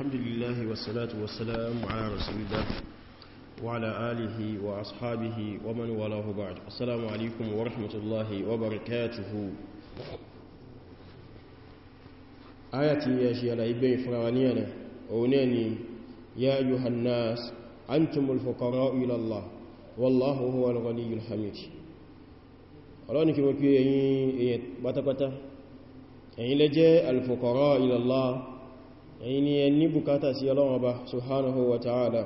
الحمد لله والصلاة والسلام على رسول الله وعلى آله وأصحابه ومن والاه بعد السلام عليكم ورحمة الله وبركاته آياتي يا شيء على إبن فرانيانا أونيني يا أيها الناس أنتم الفقراء إلى الله والله هو الغني الحميد ọlọ́run ni kí باتا kí èyí pátápátá èyí lẹ́jẹ́ al-fuqara ẹ̀yin ni ẹni bukata sí ọlọ́wọ́ ba subhanahu wa ta'ala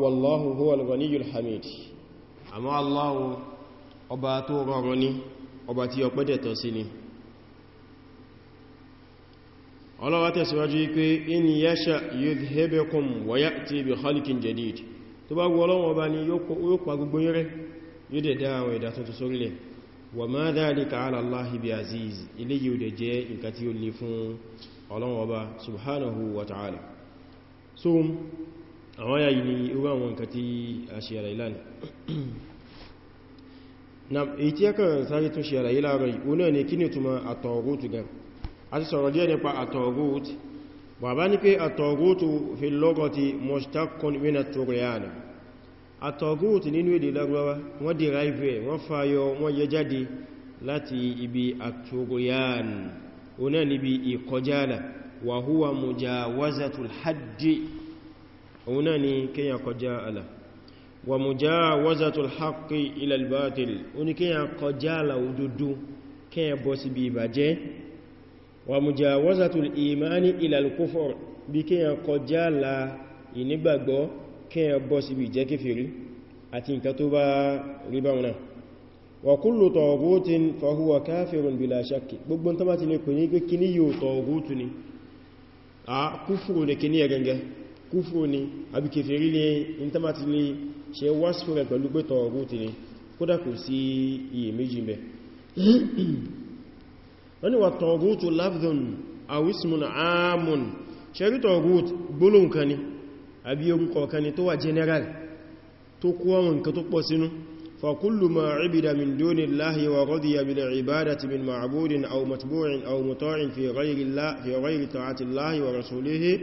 wallahu huwa al yulhamid amma allahu ọba tó ni ọba tí ọpẹ́ dẹ̀ sí ni ọlọ́wọ́ tẹ̀síwájú pé in yasha yudhhibukum wa ti bi halikin jadid tó bá wọ́lọ́wọ́ ba ni yóò pa gbogbo yẹ́rẹ́ yóò dẹ̀ àwọn tuntun wa ma ala aziz ilé yóò dẹ̀ jẹ́ nǹkan ọlọ́wọ́ ọba subhanahu wa ta'ala so àwọn yayi ni irú àwọn nǹkan tí a ṣe ara ìlànà na èyí tí ẹkàn sáré tún ṣe ara ìlànà yìí onáà ni kí ni túnmọ̀ àtọ̀ọ̀gótù gan a ti sọ̀rọ̀ díẹ̀ nípa àtọ̀ọ̀gótù bàbá ní pé àtọ̀ọ̀gótù fi lọ́gọ́tì mọ̀ṣtákùn mínà ọ̀nà níbi ìkọjáàlà wa huwa mujawazatul haddi ọ̀nà ni kíyàn kọjáàlà wa mujawazatul haqqi ila al-batil oní kíyàn kọjáàlà òdodo kíyàn bọ́ sí bí ìbàjẹ́ wa mujawazatul imani ila al-kufr bí kíyàn kọjáàlà ìnígbàgbọ́ kíyàn bọ́ sí bí ìjẹ́kèfèrí àti nǹkan tó wa kullu taghutin fa huwa kafirun bila shakki gbogbo tó bá ti lè pè ní pé kíní yóò tọ̀gútù ni a kúfùrù ní kíní ẹ̀ gẹngẹ kúfùrù ni àbí kèfèrí ní in tó bá ti lè ṣe wáṣífù rẹ̀ pẹ̀lú pé tọ̀gútù ni kódà kó فكل ما عبد من دون الله ورضي بالعبادة من معبود أو متبوع أو مطاع في غير, الله في غير طاعة الله ورسوله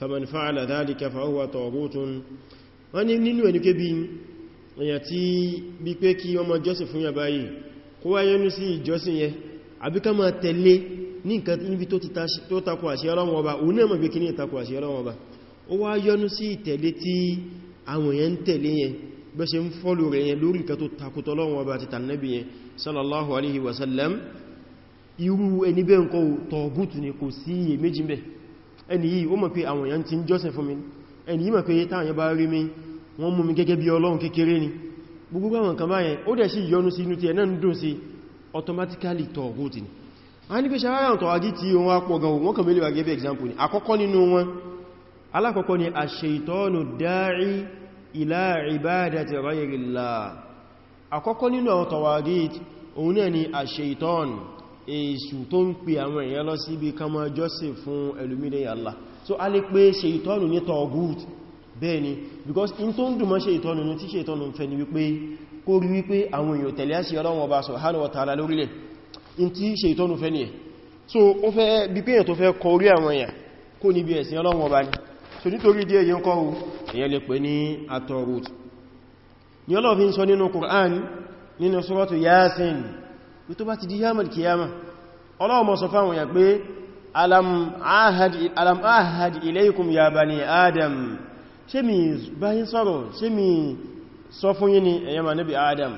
فمن فعل ذلك فهو طاغوت wọ́n nínú ẹni kébí èyàn tí bí pé kí ọmọ jọ́sìn fún yà báyìí kó wáyé ní sí ìjọsìn yẹ àbí ká máa tẹ̀lé ní nǹkan níbi tó takò àṣẹ Ọlọ́run Ọba òun náà mọ̀ pé kí ní ìtakò àṣẹ Ọlọ́run Ọba ó wá yọ́nú sí ìtẹ̀lé tí àwọn èèyàn ń tẹ̀lé yẹn bẹ́ ṣe ń fọ́lù rẹ̀ yẹn lórí nǹkan tó takùtọ̀ lọ́wọ́ bá ti tànàbí yẹn sallallahu alaihi wasallam irú ẹni bẹ́ nǹkan tọ̀gùtù ni kò sí iye méjì bẹ́ ẹni yìí ó mọ̀ pé àwọn èèyàn ti ń jọ́sìn fún mi ẹni yìí mọ̀ pé táwọn yẹn bá rí mi wọ́n mú mi gẹ́gẹ́ bí ọlọ́run kékeré ni ila ibadati ghayrillah àkọ́kọ́ nínú àwọn tawagit òun náà ni àṣeyìtọ́n èṣù tó ń pè àwọn èèyàn lọ sí ibi kama jọ́sìn fún ẹlùmílẹ̀ Allah so a lè pé ṣeyìtọ́nù ní tawagit bẹ́ẹ̀ni because in tó ń dùnmọ́ ṣeyìtọ́nù ní tí ṣeyìtọ́nù ń fẹ́ ni wípé kó rí wípé àwọn èèyàn tẹ̀lé àṣẹ so ó fẹ́ bí pé èèyàn tó fẹ́ kọ so nítorí díẹ̀ yẹn kọ́ èyàn lè pè ní atorut ni ọlọ́fi ń sọ nínú Qur'an nínú suratu Yasin bí tó bá ti di yamal kiyama Ọlọ́hun mọ̀ sọ fáwọn yà pé alam ahad ilaykum ya bani adam ṣe mi báyín sọ́rọ̀ ṣe mi sọ fún yín ni èyàn ma nabi adam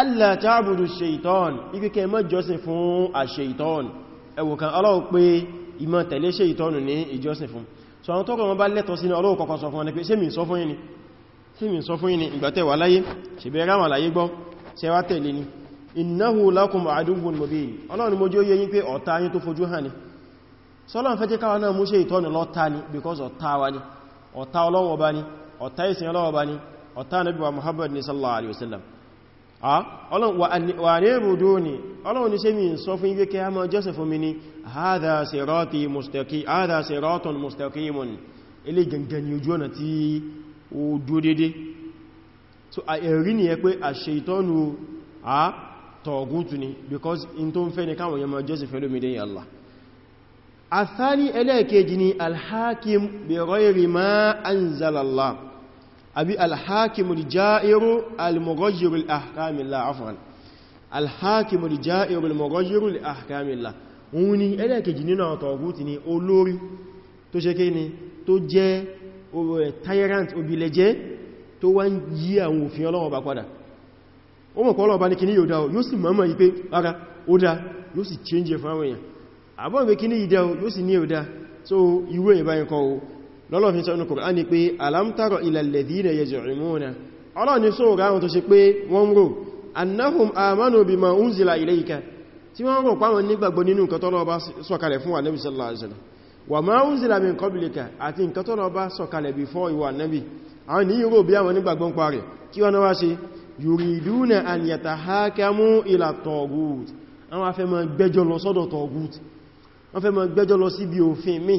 allah ta'budu shaitan ikẹ́kẹ́ má jọ́sìn fún a shaitan ẹwọ̀kan Ọlọ́hun pé ìmọ̀ tẹ̀lé shaitan ní ìjọ́sìn fún so àwọn tọ́kọ̀ wọn bá lẹ́tọ̀ sí ní ọlọ́wọ́ kọ́kọ́ sọ fún wọn pé ṣé mi sọ fún yín ni ṣé mi sọ fún yín ni ìgbàtẹ̀ wà láyé ṣèbẹ̀ ráwọn àlàyé gbọ́ ṣe wá tẹ̀lé ni innahu lakum aduwwun mubin ọlọ́run mo jẹ́ oyé yín pé ọ̀tá yín tó fojú hàn ni because ọ̀tá wa ni ọ̀tá ọlọ́wọ́ bá ni ọ̀tá ìsìn ọlọ́wọ́ bá ni ọ̀tá nabi wa muhammad wasallam wà ní ìrùdó ni ọlọ́run ní ṣe mi sọ fún ibi kí a mọ́ jọ́sẹ̀ fún mi ní hadha sirati mustaqim hadha siratun mustaqimun ilé gangan ni ojú ọ̀nà tí ó dúó dédé so a ẹ̀rí ni ẹ pé a ṣeitọ́nu a tọ̀gútù ni because in tó ń fẹ́ ni káwọn yẹ mọ́ lómi dẹ́yìn Allah àbí alhakimul ja'iru almughayyirul ahkamillah afwan alhakimul ja'iru almughayyirul ahkamillah òun ni ẹlẹ́kejì nínú àwọn tọ̀gútì ni olórí tó ṣe kí ni tó jẹ́ tyrant obìlẹ̀jẹ́ tó wá ń yí àwọn òfin Ọlọ́run bá padà ó mọ̀ pọ́lọ̀ bá ní kí ní yóò dá yóò sì mọ́mọ̀ ipé ara ó dá yóò sì change e fún àwọn èèyàn àbọ̀ ìwé kí ní ìdá yóò sì ní yóò dá so irú èyàn báyìí lọ́lọ́ fi sọ́nà Kùránì pé alam tara ila alladhina yaz'umuna ọlọ́ ni sóòrò àwọn tó ṣe pé wọ́n rò annahum amanu bima unzila ilayka tí wọ́n rò pàwọn nígbàgbọ́ nínú nǹkan tọ́lọ bá sọ̀kalẹ̀ fún wọ́n wá ṣe yuriduna lọ sọ́dọ̀ taghut wọ́n fẹ́ ma gbẹ́jọ lọ síbi òfin míì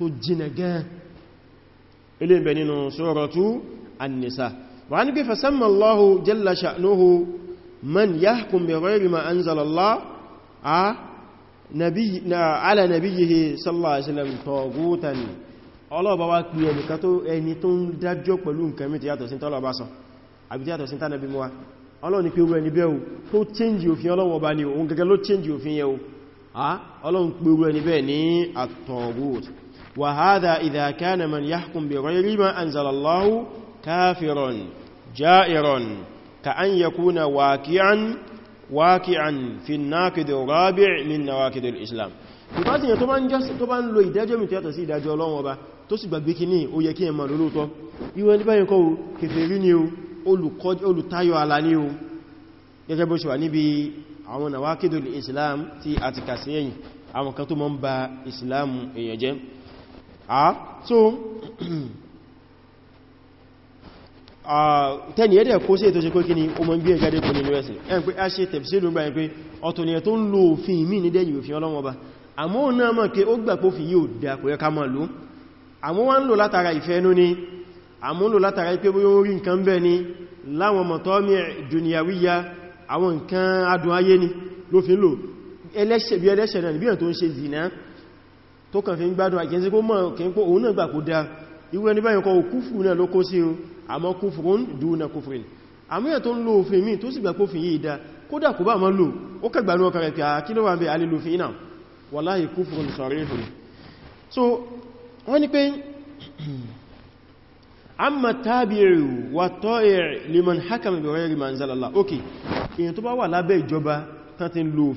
tó jìnà gan ilé ìbẹ̀ nínú suratu an-nisa wà ní bí fasamma Allahu jalla sha'nuhu man yahkum bi ghayri ma anzala Allah a ala nabiyhi sallallahu alaihi wasallam pẹ̀lú ẹni bẹ́ẹ̀ ní òun وهذا إذا كان من يحكم بغير ما أنزل الله كافرا جائرا كأن يكون واقعا واقعا في الناقد الرابع من نواقد الإسلام ìbáṣe tó bá ń jásí tó bá ń lo ìdájọ́ mi tẹ́tọ̀ sí ìdájọ́ ọlọ́run ọba tó sì gbàgbé kí ní ó yẹ kí ẹmà lólótọ́ ìwọ̀n ní báyìí kọ́ o kèfèrí ni o olùtayọ àlà ni o gẹ́gẹ́ bó ṣe níbi àwọn nàwákìdùl islam ti kà ah so tẹ́ni ẹ̀dẹ̀ kó sí ètò ṣe pé kí ni o mọ̀ ń gbé ẹgbẹ́ dẹ́kùn nínú ẹ̀sìn ẹn pé a ṣe tẹ̀fṣílù ń gbà pé ọ̀tọ̀ ni ẹ̀ tó ń lo òfin ìmí ní dẹ́yìn òfin ọlọ́wọ́ bá àmọ́ òun náà mọ̀ pé ó gbà pófin yóò dá kò yẹ ká mọ̀ ló àmọ́ wá ń lò látara ìfẹ́ ẹnu ni àmọ́ tó kàn fi ń gbádùn àkíyànsí kó mọ̀ kí n kó òun náà gbà kó dáa irú ẹni báyìí kọ kúfù náà ló kó sí o àmọ́ kúfù ó ń dúnà kúfù ní àmúyẹ̀ tó ń lo òfin mi tó sì gbà kófin yìí dá kódà kó bá mọ́ lò ó kẹgbà ní ọkàn rẹ̀ so wọ́n ni pé amma liman hakama bi ghayri ma anzala Allah okay èèyàn tó bá wà lábẹ́ ìjọba tán ti ń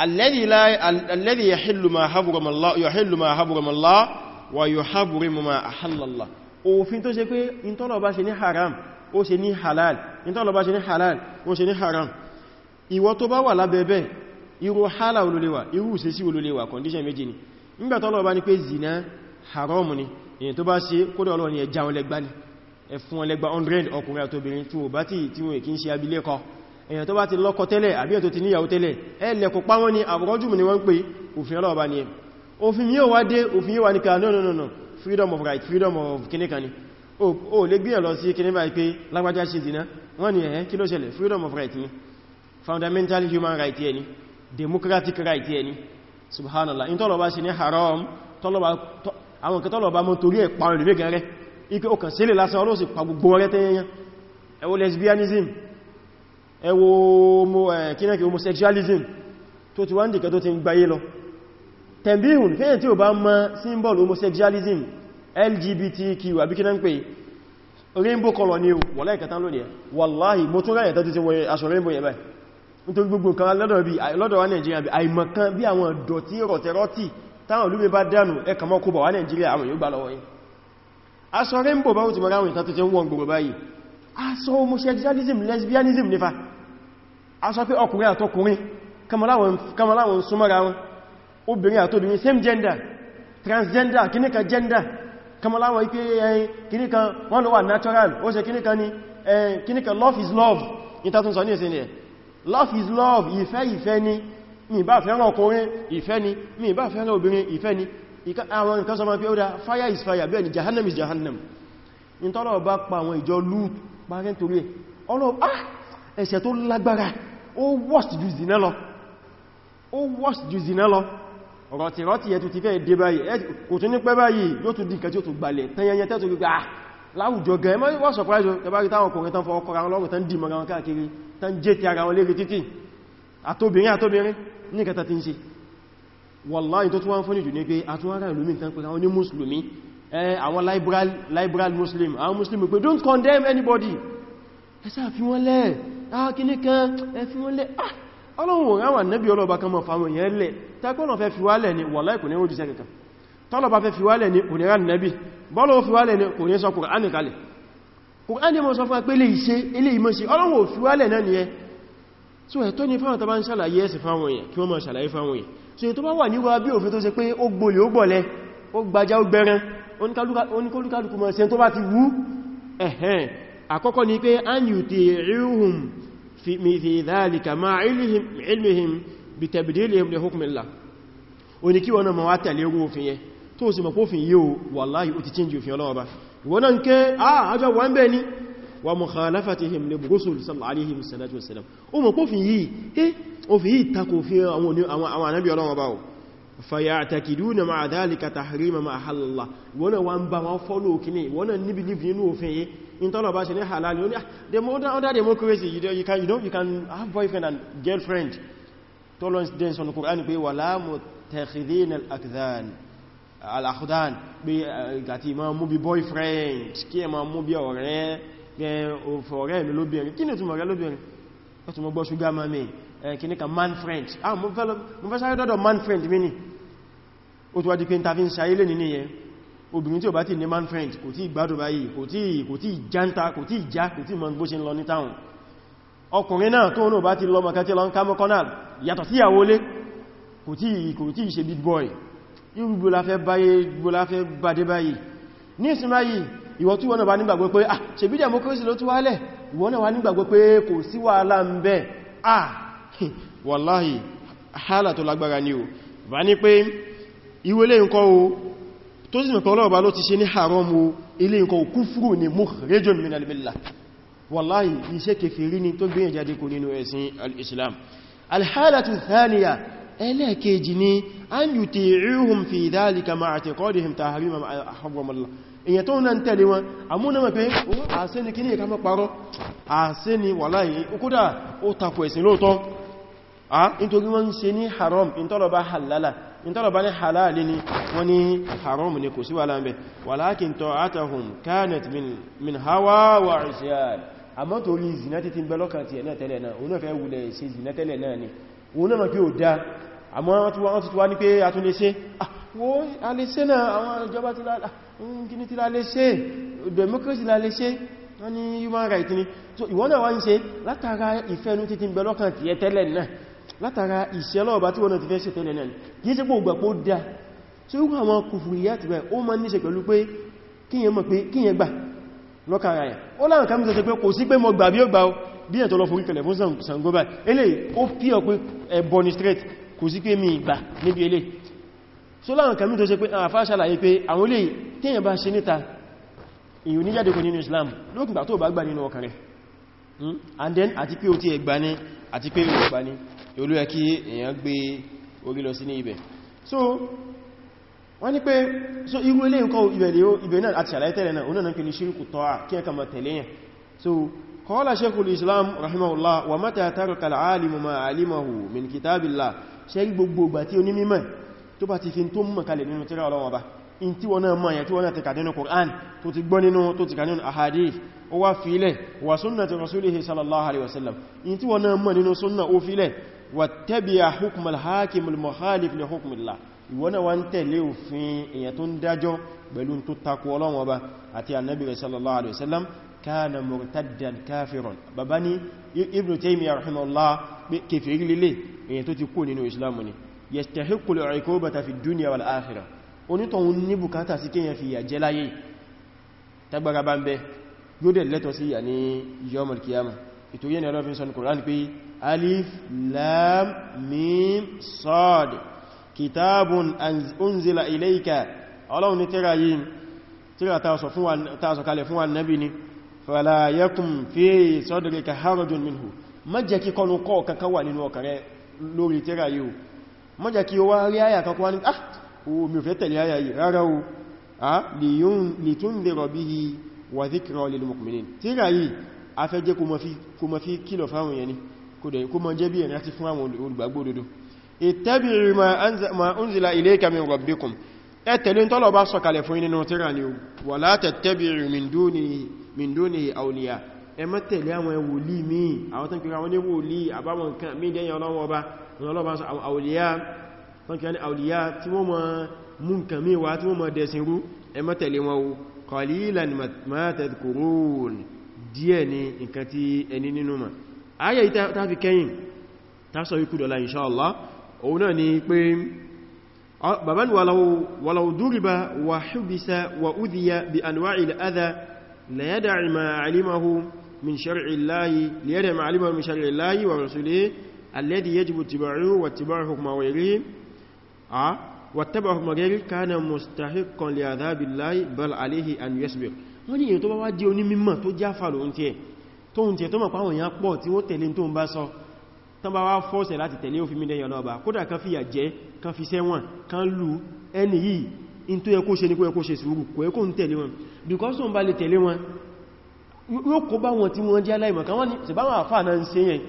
الذي لا الذي يحل ما حرم الله يحل ما حرم الله ويحرم ما احل الله òfin tó ṣe pé in tó lọ bá ṣe ní haram ó ṣe ní halal in tó lọ bá ṣe ní halal ó ṣe ní haram ìwọ tó bá wà lábẹ́bẹ́ irú hálà olóléwà irú ṣe sí olóléwà condition méjì ni nígbà tó lọ bá ní pé zina haram ni èyàn tó bá ṣe kódà Ọlọ́run ni ẹja ọlẹ́gbá ni ẹfún ọlẹ́gbá 100 ọkùnrin àtobìnrin tí ó bá tí tí wọ́n kí ń ṣe abilékọ èyàn tó bá ti lọ́kọ tẹ́lẹ̀ àbí ẹ̀ tó ti níyàwó tẹ́lẹ̀ ẹ̀lẹ̀ kò páwọn ni àbúrọ́jù ni wọ́n pè òfin ọlọ́ọ̀bá ni ẹ̀ òfin yíò wá dé òfin yíò wá ní ká no no no no freedom of right freedom of kìníkà ni o lè gbíyàn lọ sí kìníkà pé lágbàjá sí ìdínà wọ́n ni ẹ̀ẹ́ kí ló ṣẹlẹ̀ freedom of right ni fundamental human right ẹni democratic right ẹni subhanallah in tọ́lọ̀bá sí ní haram àwọn kan tọ́lọ̀bá mọ́ torí ẹ̀ pàrọ̀ lè gẹ̀rẹ́ ike ó kàn sílẹ̀ lásán ọlọ́sì pàgbogbo rẹ̀ tẹ́yẹn lesbianism ẹ wo kínákì homosexualism tó ti wá ń dìkẹ́ tó ti ń gbáyé lọ tẹ̀bíhùn fẹ́yẹ̀ tí ó bá mọ́ símbọ̀lù homosexualism lgbtq àbí kí náà ń pè rainbow color ni wọ́lá ìkàtà lónìí wàláhì mo tún ráyẹ̀ tàbí ti wọ́n aṣọ rainbow yẹ̀ báyìí nítorí gbogbo nǹkan lọ́dọ̀ wa Nàìjíríà bí àìmọ̀kan bí àwọn dọ̀tí rọ̀tẹ̀rọ̀tì táwọn olúmi bá dánù ẹkà mọ́ kó bọ̀ wá Nàìjíríà àwọn yóò rainbow báwọn ti mọ́ra àwọn ìtàtí ti wọ́n gbogbo báyìí aṣọ homosexualism lesbianism nífà a sọ pé ọkùnrin àtọkùnrin kamaláwọn súnmọ́ra wọn obìnrin àtobìnrin same gender transgender kíníkà gender kamaláwọn ipé ẹyìn kíníkà wọ́n lọ wà natural ó ṣe kíníkà ní kíníkà love is love ìtàtún sọ ní ẹ̀sìn ẹ̀ love is love ìfẹ́ ìfẹ́ ni mi bá fẹ́ràn ọkùnrin ìfẹ́ ni mi bá fẹ́ràn obìnrin ìfẹ́ ni àwọn nǹkan sọmọ pé ó dá fire is fire bẹ́ẹ̀ ni jahannam is jahannam ìtọ́lọ̀ bá pa àwọn ìjọ lúùtù parẹ́ torí ẹ̀ ọlọ́ ah ẹ̀ṣẹ̀ tó lágbára ó worst ju zina lọ ó worst ju zina lọ rọ̀tìrọ̀tì ẹ̀ tó ti fẹ́ dé báyìí kò tún ní pẹ́ báyìí yóò tún di nǹkan tí ó tún gbalẹ̀ tẹ́yẹnyẹ tẹ́tù gbogbo ah láwùjọ gan ẹ mọ́ wọ́n surprise tẹbárí táwọn ọkùnrin tán fọ́ ọkọ̀ra wọn lọ́rùn tán dì mọ́ra wọn káàkiri tán jẹ́ ti ara wọn lérí títì àtóbìnrin àtóbìnrin ní kẹta ti ń ṣe wọ́láyìn tó tún wá ń fún ìjù ní pé àtúnwárà ìlú mìí tán pẹ̀lú àwọn ní mùsùlùmí àwọn liberal muslim àwọn muslim pé don't condemn anybody ẹ sáà fi wọ́n lẹ́ẹ̀ Ah, kíní kan ẹfí wọn lẹ́ ah, ọlọ́run ráwà nẹ́bí ọlọ́ba kan mọ̀ fáwọn èèyàn lẹ̀ tẹ́kọ́nà fẹ́ fi wálẹ̀ ni wàláhì kò ní rújìṣẹ́ kankan tọ́lọ̀bá fẹ́ fi wálẹ̀ ni kò ní rán nẹ́bí bọ́lọ̀ fi wálẹ̀ ni kò ní sọ kùránì kalẹ̀ kùránì mọ́ sọ fún pé lè ṣe ilé ìmọ́sí ọlọ́run ò fi Ni náà nìyẹn so ẹ̀tọ́ ni fáwọn tọba ń ṣàlàyé ẹ̀sì fáwọn èèyàn kí wọ́n máa ṣàlàyé fáwọn èèyàn so ètò bá wà níwá bí òfin tó ṣe pé ó gbolè ó gbọ̀lẹ̀ ó gbajá ó gbẹran oníkálùkù máa ṣe tó bá ti wú ẹ̀hẹ́n àkọ́kọ́ ni pé an yuti'uhum fi dhalika ma ilmihim bi tabdilihim li hukmillah ó ní kí wọ́n máa wá tẹ̀lé ogun òfin yẹn tó sì mọ̀ pófin yíò wallahi ó ti change òfin Ọlọ́run Ọba náà ké àájọ́ wọ́n bẹ́ ní wa mọ̀ pófin yìí eh òfin wọ́n bá wọn fọ́lọ̀ òkìní ìwọ́n náà níbi nínú òfin yìí in tọ́lọ̀ bá ṣe ní halal yóò ní under democracy you can, you know, you can have boyfriend and girlfriend tọ́lọ̀ den sọ Qur'an pé wala mutakhidhin al akdan al-akhdan pé gati eh, ma mu bi boyfriend kí mu bi mú bí ọ̀rẹ́ ọ̀rẹ́ mi lóbìnrin kí ni túnmọ̀ rẹ̀ lóbìnrin ó túnmọ̀ gbọ́ ṣúgá mami eh, kí ní ka man friend ah mo fẹ́ sáré do man friend mi ni ó tó wá di pé ń ta fi ń ṣayé obìnrin tí ó bá ti ní man friend kò tí gbádùn báyìí kò tí kò tí jántà kò tí já kò tí mọ́ bó ṣe ń lọ ní táwọn ọkùnrin náà tó náà bá ti lọ mọ̀kẹ́ tí lọ ń ká mọ́kànnà yàtọ̀ sí ìyàwó kò tí kò big boy irúgbò láfẹ́ báyé gbò láfẹ́ bàdé báyìí ní ìsinmá yìí ìwọ tí wọ́n náà ah ṣe bí democracy ló tún wálẹ̀ ìwọ náà wá ah wallahi hálà tó lágbára ni o bá ní tó sì mẹ́kọ̀ ọlọ́ọ̀bá ló ti ṣe ní haramu ilé nǹkan kúfúrù ní mukhrijun min al-millah wallahi iṣẹ́ kèfèrí ni tó gbìyàn jáde kò nínú ẹ̀sìn al-islam alhálàtù thaniya ẹlẹ́ẹ̀kejì ni an yuti'uhum fi dhalika ma'a i'tiqadihim tahrima ma harramallah èyàn tó náà tẹ̀lé wọn àmúnà mẹ́ pé owó ah, ní haram ìtọ́lọ̀bá ní halal ní wọ́n ní haram ní kò sí wà láàmẹ́ walakin ta'atuhum kanat min hawa wa isyan àmọ́ torí zina títí bẹ́lọ́kà tí ẹ̀nà tẹ́lẹ̀ náà òun náà fẹ́ wulẹ̀ sí zina tẹ́lẹ̀ náà ni òun náà kí ó dá àmọ́ wọ́n ti wá ní pé a tún lè ṣe àwọ́ ah, alẹ́ṣẹ́ náà àwọn ìjọba látara ìṣẹ́ lọ́ọ̀bá tí wọ́n ti fẹ́ ṣe tẹ́lẹ̀ náà kìí sí gbogbo pó dá tí ó àwọn kùfùrù ìyá ti rẹ̀ ó ma níṣe pẹ̀lú pé kíyẹn gbà lọ́kàrà ẹ̀ ó láwọn kàmí tẹ́ pé kò sí pé mọ gbà bí ó gbà bí ẹ̀ tó lọ forí kẹlẹ̀ fún sàngóbà ilé ó pí ọ ni Islam lókùnbà tó bá gbà nínú ọkàn Hmm? and then àti pé o ti ẹgbà ní àti pé o gbà ní olúwẹ́ kí èyàn gbé orí lọ sí ní ibẹ̀ so wọ́n ní pé so irú ilé nǹkan ibẹ̀ náà àti àlàyé tẹ́lẹ̀ náà onáà pè ní ṣírkù tọ́wà kí ẹ kàmà so qala islam rahimahullah wa mata taraka alimu ma alimahu min kitabillah ṣe gbogbo ìgbà tí onímímọ̀ tó bá ti fi tó mọ̀ in tí wọ́n náà mọ̀yàn tí wọ́n náà ti kà nínú Qur'an tó ti gbọ́ nínú tó ti kà nínú ahadith ó wá fílẹ̀ wà súnnà ti rasulihi sallallahu alaihi wasallam in tí wọ́n náà mọ̀ nínú súnnà ó fílẹ̀ wà tabi'a hukmal hakimul muhalif li hukmillah ìwọ́n náà wá ń tẹ̀lé òfin èyàn tó ń dájọ́ pẹ̀lú tó takò Ọlọ́run Ọba àti annabi rẹ̀ sallallahu alaihi wasallam kana murtaddan kafiron bàbá ní Ibn Taymiyyah rahimahullah kèfèrí lílé èyàn tó ti kó nínú Islam ni yastahiqqu al fi dunya wal akhirah onítọ̀hún ní bùkátà sí kíyàn fi ìyà jẹ láyé tagbara bá ń bẹ yóò dẹ̀ lẹ́tọ̀ sí ìyà ní yawmal qiyamah ìtorí ẹni ọlọ́fin sọ ní Kùránì pé alif lam mim sad kitabun unzila ilayka ọlọ́run ní tíra yìí tíra tààsọ̀ kalẹ̀ fún wọn ni fala yakum fi sadrika harajun minhu má kí kọnu kọ́ kankan wà nínú ọkàn lórí tíra yìí má kí ó wá rí àyà kankan wá ní ah o mi fẹ́ tẹ̀lé ayà yìí rárá o a lè tún lè rọ̀bí yìí wà zíkìrọ̀ lil mu'minin tíra yìí a fẹ́ jẹ́ kó ma fi kílọ̀ fáwọn yẹni kó ma jẹ́ bí ẹ̀rẹ́ ti fún àwọn olùgbàgbọ́ òdodo ittabi'u ma unzila ilayka min rabbikum ẹ tẹ̀lé tọ́lọ̀ bá sọ̀kalẹ̀ fún nínú tíra ni wa la tattabi'u min dunihi awliya àwọn ẹwòlí àwọn tán kìí àbáwọn nǹkan míì dẹ́yìn ọlọ́wọ́ ọba ọlọ́wọ́ àwọn awliya wọ́n kí ní àwòlìyà tí wọ́n mọ̀ mú nǹkan míwá tí wọ́n mọ̀ dẹ̀sìn rú ẹ má tẹ̀lé wọn o qalilan ma tadhkurun díẹ̀ ni nǹkan tí ẹni nínú ma ayẹ́ ìta fi kẹ́yìn tásọ ikú dọ̀la insha Allah òun náà ni pé baban walau duriba wa hubisa wa udhiya bi anwa'il adha la yada'i ma wàtẹ́bà ọmọdérí kánà mustahiqqan li adhabillahi bal alayhi an yasbir wọ́n ni èyàn tó bá wá jẹ́ onímímọ̀ tó jáfà lóhun tí ẹ̀ tó hun tí ẹ̀ tó mọ̀ páwọn èyàn pọ̀ tí wọ́n tẹ̀lé tó ń bá sọ tán bá wá fọ́ọ̀sẹ̀ láti tẹ̀lé òfin mílẹ̀ yọ̀ lọ́ba kódà kan fìyà jẹ kan fi sẹ́wọ̀n kan lù ẹni yìí in tó yẹ kó ṣe ní kó yẹ kó ṣe sùúrù kò yẹ kó ń tẹ̀lé wọn because wọn bá lè tẹ̀lé wọn yóò kó bá wọn tí wọ́n jẹ́ aláìmọ̀ kan wọ́n ni ṣe bá wọn àfáà náà ń ṣe yẹn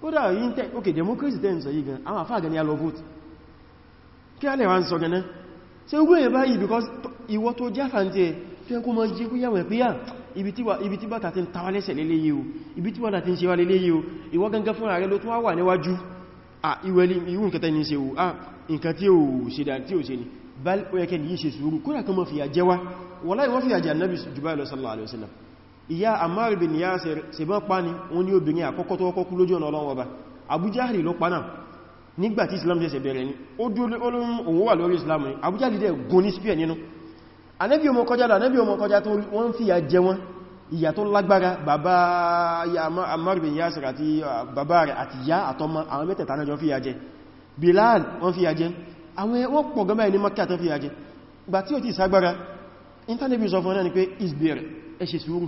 kódà yìí ń tẹ́ okay democracy tẹ́ ń sọ yìí gan àwọn àfáà gan ni a lọ vote kí a lè wá ń sọ gẹ̀nẹ́ ṣe ń gbé báyìí because ìwọ tó jáfà ń tẹ́ kí ẹkùn mọ́ jí kúyà wẹ̀ píyà ibi tí bàtà ti ń tàwà lẹ́sẹ̀ léléyìí o ibi tí bàtà ti ń ṣe wá léléyìí o ìwọ gangan fún ààrẹ ló tún wà níwájú à ni bá ẹkẹ́ ní ṣe sùúrù kúrà kan mọ́ fìyà jẹ wá wallahi sallallahu alaihi wasallam ìyá Ammar bin Yasir ṣe bọ́n pa ni wọ́n ní obìnrin àkọ́kọ́ tó kọ́kú Abu Jahri ló pa nígbàtí islam ṣẹ̀ṣẹ̀ bẹ̀rẹ̀ ní ó dúró olóhun òun wà lórí islam ni abuja Jahl dẹ̀ gún ní spear nínú anẹ́bí ọmọ kọjá lọ anẹ́bí ọmọ kọjá tó wọ́n fi ìyà jẹ wọ́n ìyà tó lágbára bàbá Ammar bin àti bàbá rẹ̀ àti ìyá àtọmọ àwọn mẹ́tẹ̀ẹ̀ta náà jọ Bilal wọ́n fi ìyà jẹ àwọn wọ́n pọ̀ gọ́mà ní Makkah tó fi ìyà jẹ gbà ni pé isbir ẹ ṣe sùúrù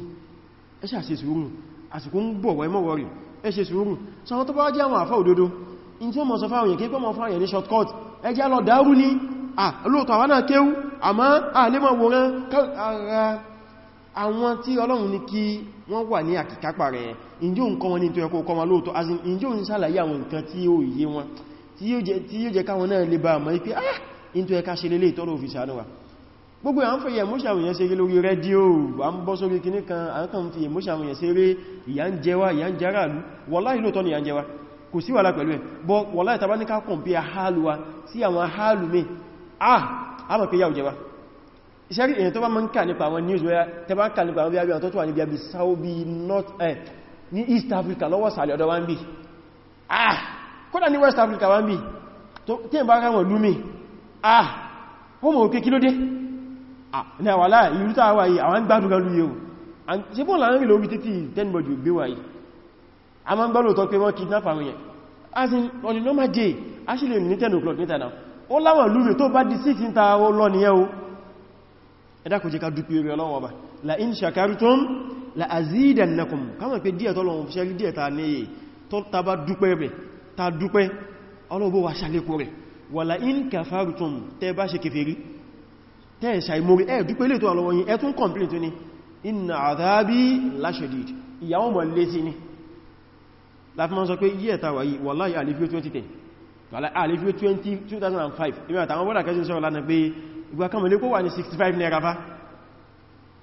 ẹ ṣe sùúrù àsìkò ń bọ̀ in tí ó mọ̀ sọ fáwọn yẹ̀kẹ́ pọ́mọ̀ fáwọn yẹ̀ ní shortcut ẹjẹ́ lọ dárú ní àlóòtọ̀ àwọn náà kéwú àmọ́ àlémọ̀ wòrán kára àwọn tí ọlọ́run ní kí wọ́n wà ní àkìkápà rẹ̀ ìjọ nǹkan wọn ní tó ẹkọ́ kọmọ lóòtọ́ azin ìjọ ń sàlàyé àwọn nǹkan tí ó yé wọn tí yóò jẹ káwọn náà lè bá mọ̀ ipé ah in tó ẹka ṣe lélé ìtọ́lọ̀ òfin sàánúwà gbogbo à ń fẹ̀yẹ̀ mọ́ṣàwọn yẹn ṣeré lórí rédíò à ń bọ́ sórí kìníkan à ń kàn fi mọ́ṣàwọn yẹn ṣeré ìyà ń jẹwa ìyà ń jẹ́ràlú wọ́láhìlótọ́ ni ìyà ń jẹwa kò sí wàlá pẹ̀lú ẹ̀ bọ́ wọ́lá ìtàbá ní ká kọ̀mpí àhálùwá sí àwọn àhálù mi ah àmọ̀ pé yàwó jẹba ìṣẹ́rí èyàn tó bá mọ́ ń kà nípa àwọn news wẹ́yà tẹbá kà nípa àwọn bí Saudi north eh, East Africa lọ́wọ́ sàlẹ̀ ọ̀dọ̀ wọ́n bí ah kódà ní West Africa wọ́n bí tí ẹ̀ bá káwọn lúmi ah ó mọ̀ òkè kí ló dé ah ní àwàlá ìrútà wáyé àwọn gbádùn a ma ń gbọ́lù tọ́ pé wọ́n kidnap àwọn èèyàn as in on a normal day a ṣe lè ní 10 o'clock níta náà ó láwọn lúwẹ̀ tó bá di 6 níta ó lọ nìyẹn o ẹ̀dá kò jẹ́ ká dúpẹ́ rẹ̀ ọlọ́wọ́ la in shakartum la azidannakum kama pe díẹ̀ tọ́lọ́wọ́ fi ṣẹ́rí díẹ̀ ta ní tó ta bá dúpẹ́ rẹ̀ ta dúpẹ́ in kafartum tẹ́ bá ṣe kèfèrí tẹ́ ṣàìmórí ẹ̀ dúpẹ́ lè tó ọlọ́wọ́ yìí ẹ tún complain tó ìyàwó mọ̀ lé sí ni láti máa sọ pé yí ẹ̀ta wà yìí wàláyé àlefíò 2010 àlefíò 2005 ìmẹ́ àtàwọn bọ́dà kẹsí sọ́rọ̀ lánàá pé ìgbà kàmọ̀lé kó wà ní 65 naira fa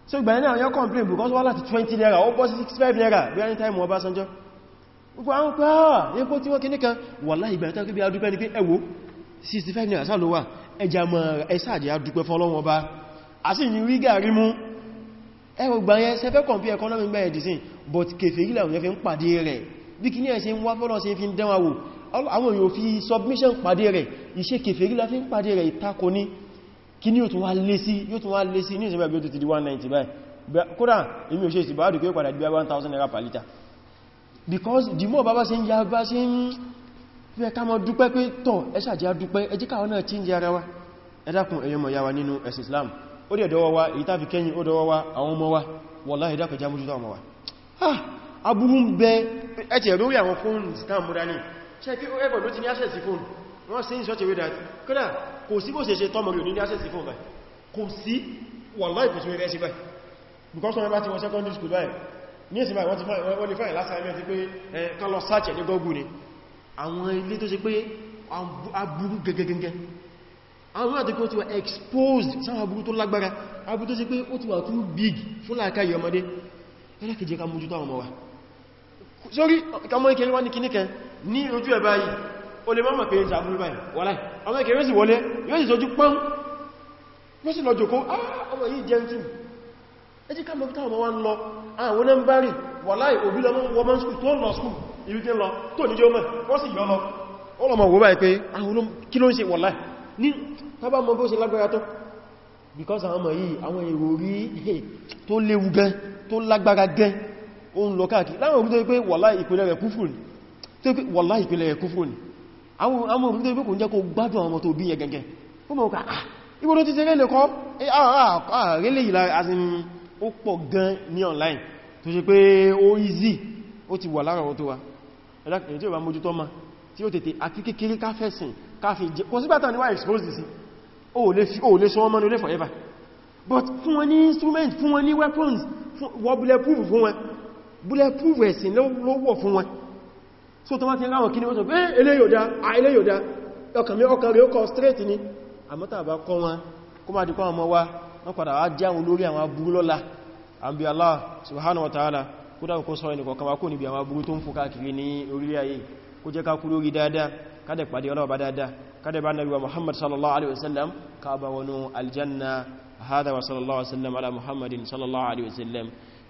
so ìgbà náà yọ́ complain because wá láti 20 naira ó bọ́ sí 65 naira bí i time Ọbásanjọ́ gbogbo àwọn pé àà ah, epo tí wọ́n kí níkan wàláyé ìgbà ìtàkì bí adúpẹ́ ní pé ẹwò 65 naira sáà ló wà ẹjà mọ̀ ẹsàdì adúpẹ́ fọ́lọ́wọ́ bá a sì ní rí gàrí mú ẹwọ gbà yẹn sẹfẹ́ kọ̀mpí ẹkọ́nọ́mì gbà ẹ̀dìsìn but kèfèrí làwọn yẹn fi ń pàdé rẹ̀ bí kí ní ẹ̀ṣẹ́ ń wá bọ́lọ̀ sí fi ń dánwà àwọn yóò fi submission pàdé rẹ̀ iṣẹ́ kèfèrí la fi ń pàdé rẹ̀ ìtakò ní kí ní yóò tún wá lé sí ní ìṣẹ́gbẹ̀ bí ó ti di 190 báyìí kódà èmi ò ṣe ìsìnbà àdùkú ìpàdà because the more bàbá ṣe ń ya bá ṣe ń fẹ́ ká mọ́ dúpẹ́ pé tọ́ change ara wa ẹ dákun ẹyọmọ̀ ya wa Islam ó wa èyí tàbí kẹ́yìn wa àwọn ọmọ wa wallahi dákun já mójútó ọmọ ẹ̀tì ẹ̀lórí àwọn fóònù stan múdání ṣe pí ẹgbọ̀n ló ti ní access fóònù wọ́n sí in such a way that kódà kò sí bó ṣe ṣe tọ́mọ̀ rí ní access fóònù báyìí kò sí wallahi ni fáyìn last time ti pé kan lọ search ní Google ni àwọn ilé tó ṣe pé aburú gẹ́gẹ́gẹ́gẹ́ àwọn àti exposed sáwọn aburú tó lágbára aburú tó ṣe pé big fún láàkáyì ọmọdé ẹlẹ́kẹ̀ẹ́ jẹ́ ká mójútó àwọn ọmọ wa sórí ọmọ ìkẹrẹ wá ní kìníkẹ ní ojú ẹ̀ báyìí o lè mọ́mọ̀ pé ìṣàbúrú báyìí wọ́lá ọmọ ìkẹrẹ sì wọlé yóò sì sójú pọ́n yóò sì lọ́jọ́ kó ah, ọmọ yìí gentle ẹjí ká mọ́bítà ọmọ wá ń lọ ah, àwọn náà ń bá rìn wọ́lá òbí lọ woman school tó lọ school ibi tí ń lọ tó ní jẹ́ ọmọ wọ́n sì yọ lọ ó lọ mọ̀ wó báyìí pé àwọn ah, kí ló ń ṣe wọ́lá ní tábà mọ́ bó ṣe lágbára tó because àwọn ọmọ yìí àwọn èrò rí tó léwu gan tó lágbára gan ó ń lọ káàkiri láwọn òrùn tó pé wàlá ìpínlẹ̀ rẹ̀ kúfùrù ní tó pé wàlá ìpínlẹ̀ rẹ̀ kúfùrù ní àwọn òrùn tó pé kò ń jẹ́ kó gbádùn àwọn ọmọ tó bí yẹ gẹ́gẹ́ ah, eh, ah, ah, online tó ṣe easy ó ti wà lára ọ̀tọ́ wa ẹ̀dàkùnrin ma tí ó tètè àti kékeré káfẹ́sìn káfẹ́ jẹ́ kò sígbàtà níwà expose sí ó forever but fún wọn ní instrument fún wọn weapons wọ́bùlẹ̀ proof fún wọn bulletproof ẹ̀sìn lọ́wọ́ fún wọn so tó máa ti ráwọn kí ní wọ́n sọ pé eléyòdá eh, eléyòdá ọkàn mi ọkàn rẹ̀ ó kọ straight ni àmọ́ta bá kọ́ wọn kó máa dìkọ́ ọmọ wa wọ́n padà wá jẹ́ àwọn olórí àwọn aburú lọ́la àbí Allah subhanahu wa ta'ala kó dákò kó sọ ẹnìkọ̀ kan wá kó níbi àwọn aburú tó ń fò káàkiri ní orílẹ̀ ayé kó jẹ́ ká kú lórí dáadáa kádẹ̀ pàdé ọlọ́wọ́ bá Muhammad sallallahu alaihi wasallam ká bá wọnú aljanna hada wa sallallahu alaihi wasallam ala Muhammadin sallallahu alaihi wasallam